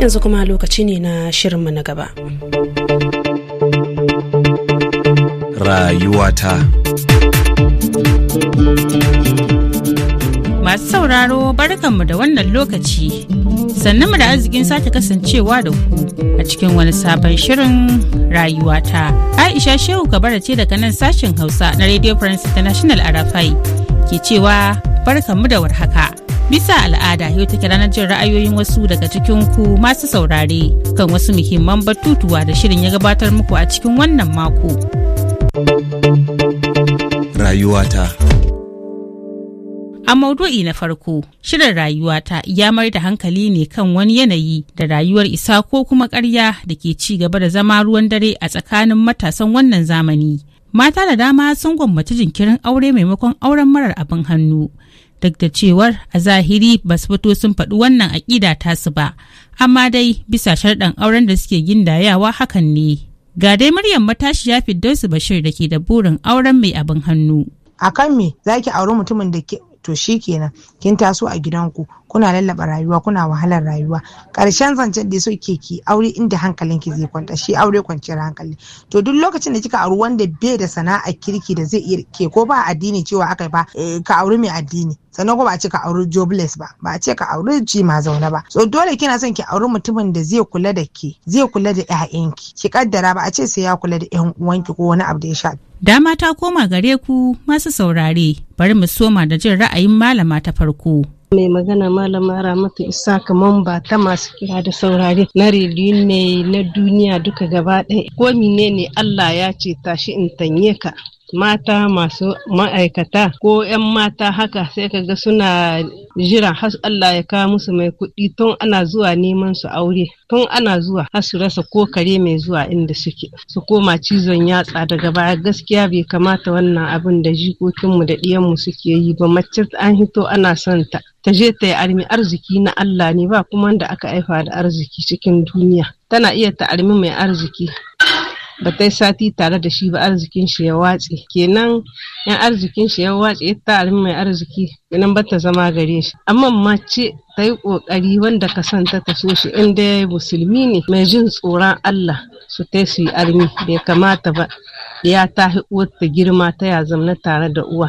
yanzu kuma lokaci ne na mu na gaba. Rayuwata Masu sauraro barkanmu da wannan lokaci, sannan mu da arzikin sake kasancewa da ku a cikin wani sabon shirin rayuwata. Aisha Shehu Kabara ce daga nan sashen Hausa na Radio France International a Rafai ke cewa barkanmu da warhaka. Bisa al'ada yau take ranar jin ra'ayoyin wasu daga cikin ku masu saurare kan wasu muhimman batutuwa da shirin ya gabatar muku a cikin wannan mako. Rayuwata A maudu'i na farko, shirin rayuwata ya mai da hankali ne kan wani yanayi da rayuwar isa ko kuma karya da ke ci gaba da zama ruwan dare a tsakanin matasan wannan zamani. Mata da dama sun gwammaci jinkirin aure maimakon auren marar abin hannu. duk da cewar a zahiri ba fito sun faɗi wannan aƙida tasu ba amma dai bisa sharɗan auren da suke gindayawa hakan ne ga dai muryar matashiya su Bashir da ke da burin auren mai abin hannu akan me zaki auri mutumin da to shi kenan, kin taso a gidanku kuna lallaba rayuwa kuna wahalar rayuwa Ƙarshen zancen da so ke ki aure inda hankalinki zai kwanta shi aure kwanciyar hankali to duk lokacin da kika auri wanda bai da sana'a kirki da zai iya ke ko ba addini cewa aka ba eh, ka auri mai addini sannan ko ba a ce ka auri jobless ba ba a ce ka auri ji ma zaune ba so dole kina son ki auri mutumin da zai kula da ke zai kula da ƴaƴanki ki kaddara ba a ce sai ya kula da ƴan uwanki ko wani abu da ya shafi Dama ta koma gare ku masu saurare, bari mu soma da jin ra'ayin malama ta farko. mai magana malama ramatu isa kaman ba ta masu kira da saurare na rediyo ne na duniya duka gaba ɗaya ko ne Allah ya ce tashi in tanye ka mata masu ma'aikata ko 'yan mata haka sai ka ga suna jira has Allah ya kawo musu mai kuɗi tun ana zuwa neman su aure tun ana zuwa har su rasa ko kare mai zuwa inda suke su koma cizon yatsa daga baya gaskiya bai kamata wannan abin da jikokinmu da ɗiyanmu suke yi ba mace an hito ana son ta ta je ta yi armi arziki na Allah ne ba kuma da aka haifa da arziki cikin duniya tana iya ta armi mai arziki ba ta sati tare da shi ba arzikin shi ya watse kenan yan arzikin shi ya watse ta tarin mai arziki kenan ba ta zama gare shi amma mace ta yi kokari wanda ka san ta taso shi inda ya yi musulmi ne mai jin tsoron Allah su ta su yi armi bai kamata ba ya ta uwar ta girma ta ya zama tare da uwa.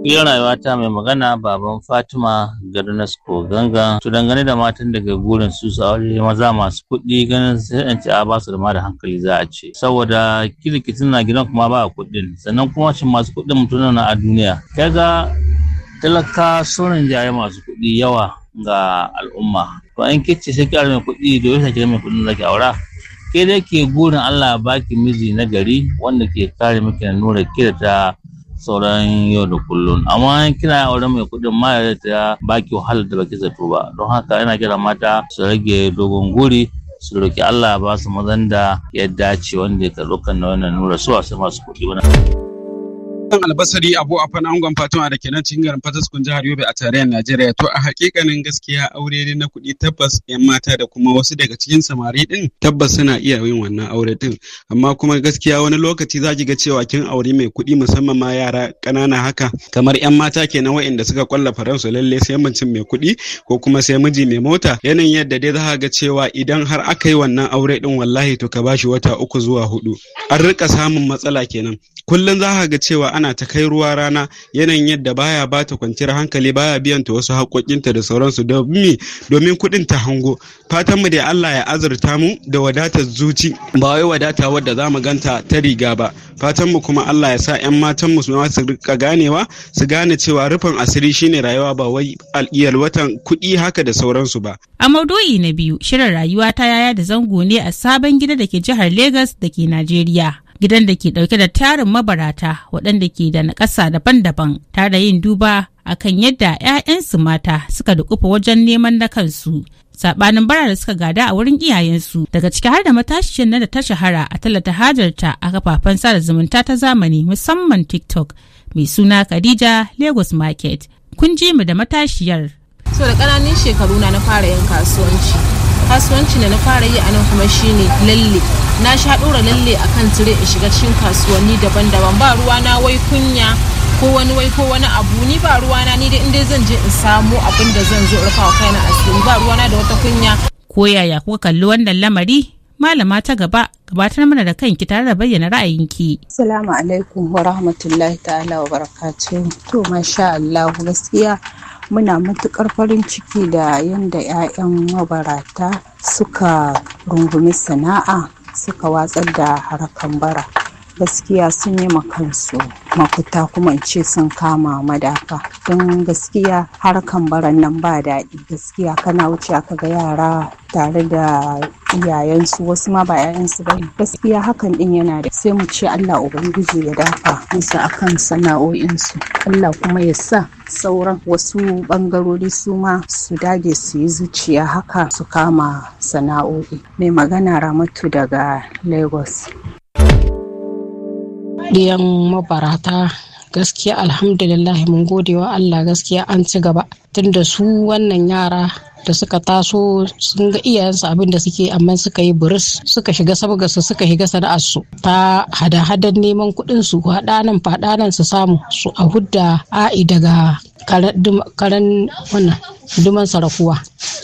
Iya ta mai magana baban Fatima Garnas Koganga. To dangane da matan daga gurin su su aure maza masu kuɗi ganin sai ce a basu da ma da hankali za a ce. Saboda kirkitin na gidan kuma ba kuɗin sannan kuma shi masu kuɗin mutum na a duniya. Kaga talaka sauran jaye masu kuɗi yawa ga al'umma. To an ce sai ki mai kuɗi da yau sai mai kuɗin zaki aura. Ke dai ke gurin Allah baki miji na gari wanda ke kare miki na nura ke da ta sauran yau da kullum amma kina auren mai kuɗin ma ya ta baki wahalar da baki zato ba don haka ina kira mata su rage dogon guri su roki Allah ba su mazan da ya dace wanda ya karɓi kan wannan nura su wasu masu kuɗi wani. Sunan albasari Abu a fana Angon Fatima da kenan cikin garin Fataskun jihar Yobe a tarayyar Najeriya. To a hakikanin gaskiya aure ne na kuɗi tabbas 'yan mata da kuma wasu daga cikin samari din tabbas suna iya yin wannan aure din. Amma kuma gaskiya wani lokaci za ki ga cewa kin aure mai kuɗi musamman ma yara ƙanana haka kamar 'yan mata kenan waɗanda suka kwallafa su lalle sai mutum mai kuɗi ko kuma sai miji mai mota. Yanayin yadda dai za ga cewa idan har aka yi wannan aure din wallahi to ka bashi wata uku zuwa hudu. An rika samun matsala kenan. kullum za ga cewa ana ta kai ruwa rana yanayin yadda baya ba ta kwanciyar hankali baya biyan ta wasu haƙoƙinta da sauransu domin kuɗin ta hango fatan mu da Allah ya azurta mu da wadatar zuci ba wai wadata wadda za mu ganta ta riga ba fatan mu kuma Allah ya sa 'yan matan mu su rika ganewa su gane cewa rufin asiri shine rayuwa ba wai watan kuɗi haka da sauransu ba a maudu'i na biyu shirin rayuwa ta yaya da zango ne a sabon gida da ke jihar Legas da ke Najeriya gidan da ke dauke da tarin mabarata waɗanda ke da naƙasa daban-daban tare da yin duba a kan yadda 'ya'yansu mata suka dukufa wajen neman na kansu saɓanin bara da suka gada a wurin iyayensu daga ciki har da matashiyar na da ta shahara a tallata hajarta a kafafen sada zumunta ta zamani musamman tiktok mai suna khadija lagos market kun ji mu da matashiyar so da ƙananan shekaru na na fara yin kasuwanci kasuwanci da na fara yi a nan kuma shine lalle na sha ɗora lalle a kan tire in shiga cikin kasuwanni daban-daban ba ruwa na wai kunya ko wani wai ko wani abu ni ba ruwa na ni da in dai zan je in samu abin da zan zo rufa wa kaina asiri ba ruwa na da wata kunya ko yaya kuka kalli wannan lamari malama ta gaba gabatar mana da kanki tare da bayyana ra'ayinki. Assalamu alaikum wa rahmatullahi ta'ala wa barakatu. To masha Allah gaskiya muna matuƙar farin ciki da yadda 'ya'yan mabarata suka rungumi sana'a suka watsar da harkan bara gaskiya sun yi kansu makuta kuma ce sun kama madafa don gaskiya harkan baran nan ba daɗi gaskiya kana wuce aka ga yara tare da iyayensu wasu ma ba 'ya'yansu ba gaskiya hakan din yana da sai mu ce allah ubangiji ya dafa musu akan sana'o'insu allah kuma ya sa sauran wasu bangarori su ma su dage su yi zuciya haka su kama sana'o'i mai magana ramatu daga lagos ɗiyan mabarata gaskiya alhamdulillah mun gode wa Allah gaskiya an ci gaba tunda su wannan yara da suka taso sun ga iyayensu abin da suke amma suka yi buris suka shiga sabgarsu suka shiga sana'arsu ta hada-hadar neman kuɗin su haɗa nan nan su samu su a hudda a'i daga karan wannan duman sarakuwa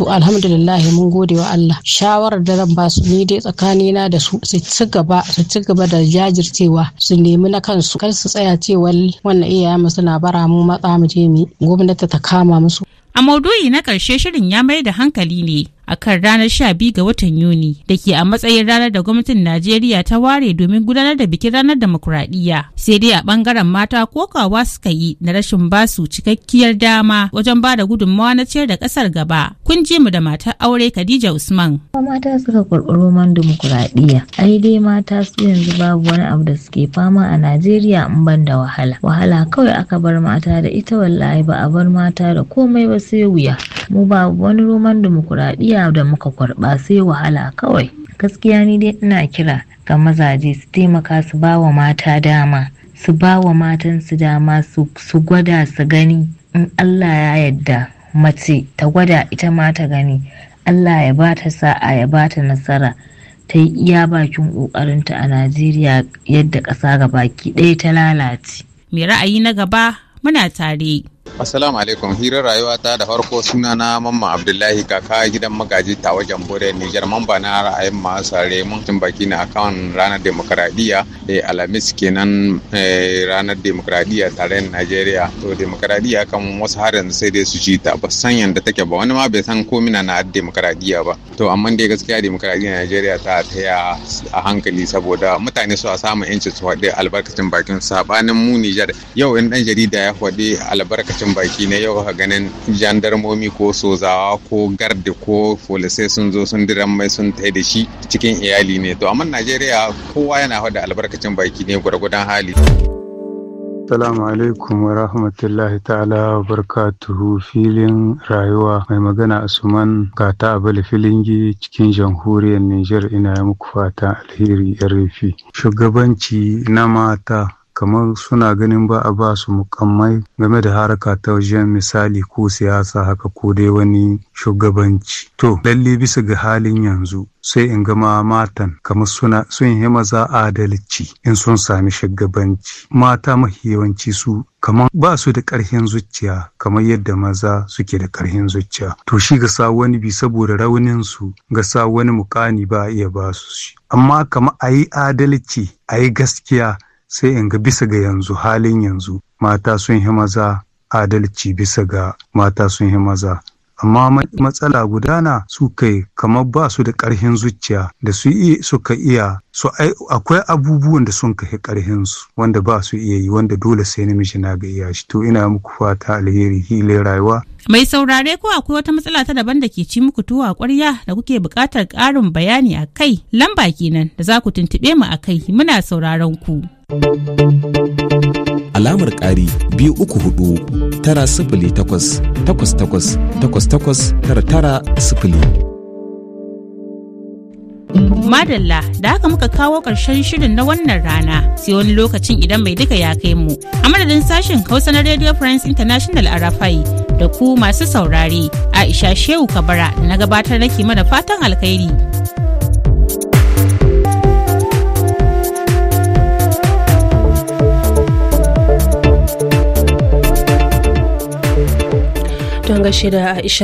to alhamdulillah mun gode wa Allah shawarar da zan ba su ni dai tsakanina da su su ci gaba su ci gaba da jajircewa su nemi na kansu kar su tsaya cewa wannan iyaye mu suna bara mu matsa mu je mu gwamnati ta kama musu a maudu'i na ƙarshe shirin ya mai da hankali ne a kan ranar 12 ga watan Yuni da ke a matsayin ranar da gwamnatin Najeriya ta ware domin gudanar da bikin ranar demokuraɗiyya. Sai dai a ɓangaren mata kokawa suka yi na rashin basu cikakkiyar dama wajen ba da gudunmawa na ciyar da ƙasar gaba. Kun ji mu da matar aure Khadija Usman. Mata suka karɓi man demokuraɗiyya. Ai dai mata su yanzu babu wani abu da suke fama a Najeriya in ban da wahala. Wahala kawai aka bar mata da ita wallahi ba a bar mata da komai ba sai wuya. Mu babu wani roman demokuraɗiyya kira da muka kwarba sai wahala kawai gaskiya ni dai ina kira ga mazaje su taimaka su ba wa mata dama su ba wa matansu dama su gwada su gani in allah ya yadda mace ta gwada ita ma ta gani allah ya ba ta sa'a ya ba ta nasara ta yi iya bakin ƙoƙarinta a najeriya yadda ƙasa ga baki ɗaya ta lalace mai ra'ayi na gaba muna tare Assalamu alaikum hirar rayuwa ta da farko suna na mamma Abdullahi kaka gidan magaji ta wajen bore Nijar mamba na ra'ayin masu sare baki na akan ranar demokradiyya e eh, alamis kenan eh, ranar demokradiyya tare da Najeriya to demokradiyya kan wasu harin sai dai su ci ta ba san yanda take ba wani ma bai san ko mina na demokradiyya ba to amma dai gaskiya demokradiyya Najeriya ta taya a hankali saboda mutane su a samun yancin su faɗi albarkacin bakin sabanin mu Nijar yau in dan jarida ya faɗi albarkacin albarkacin baki na yau ha ganin jandarmomi ko sozawa ko garda ko folisai sun zo sun diran mai sun tai da shi cikin iyali ne to amma najeriya kowa yana hada albarkacin baki ne gwargwadon hali Assalamu alaikum wa rahmatullahi ta'ala wa barkatuhu filin rayuwa mai magana Asuman Gata Abali Filingi cikin jamhuriyar Nijar ina muku fata alheri yan rufi. Shugabanci na mata kamar suna ganin ba a ba su mukammai game da haraka ta wajen misali ko siyasa haka ko dai wani shugabanci to lalle bisa ga halin yanzu sai in gama matan kamar suna sun yi maza adalci in sun sami shugabanci mata mafi yawanci su kamar ba su da ƙarfin zuciya kamar yadda maza suke da ƙarfin zuciya to shi ga sa wani bi saboda raunin su ga sa wani mukani ba a iya ba su shi amma kamar a yi adalci a yi gaskiya sai in ga bisa ga yanzu halin yanzu mata sun yi maza adalci bisa ga mata sun yi maza amma matsala gudana su kai kamar ba su da ƙarhin zuciya da su suka iya su akwai abubuwan da sun kai ƙarhin su wanda ba su iya yi wanda dole sai namiji na ga iya shi to ina muku fata alheri hile rayuwa Mai saurare ko akwai wata matsala ta daban da ke ci muku tuwo a ƙwarya da kuke buƙatar ƙarin bayani a kai lamba kenan da za ku tuntuɓe mu a kai muna sauraron ku. Alamar ƙari biyu uku hudu tara sifili takwas takwas takwas takwas takwas tara tara sifili. Madalla da haka muka kawo ƙarshen shirin na wannan rana sai wani lokacin idan mai duka ya kai mu. A madadin sashen Hausa na Radio France International a Rafai da ku masu saurare Aisha Shehu Kabara na gabatar nake mana fatan alkhairi. don gashi da Aisha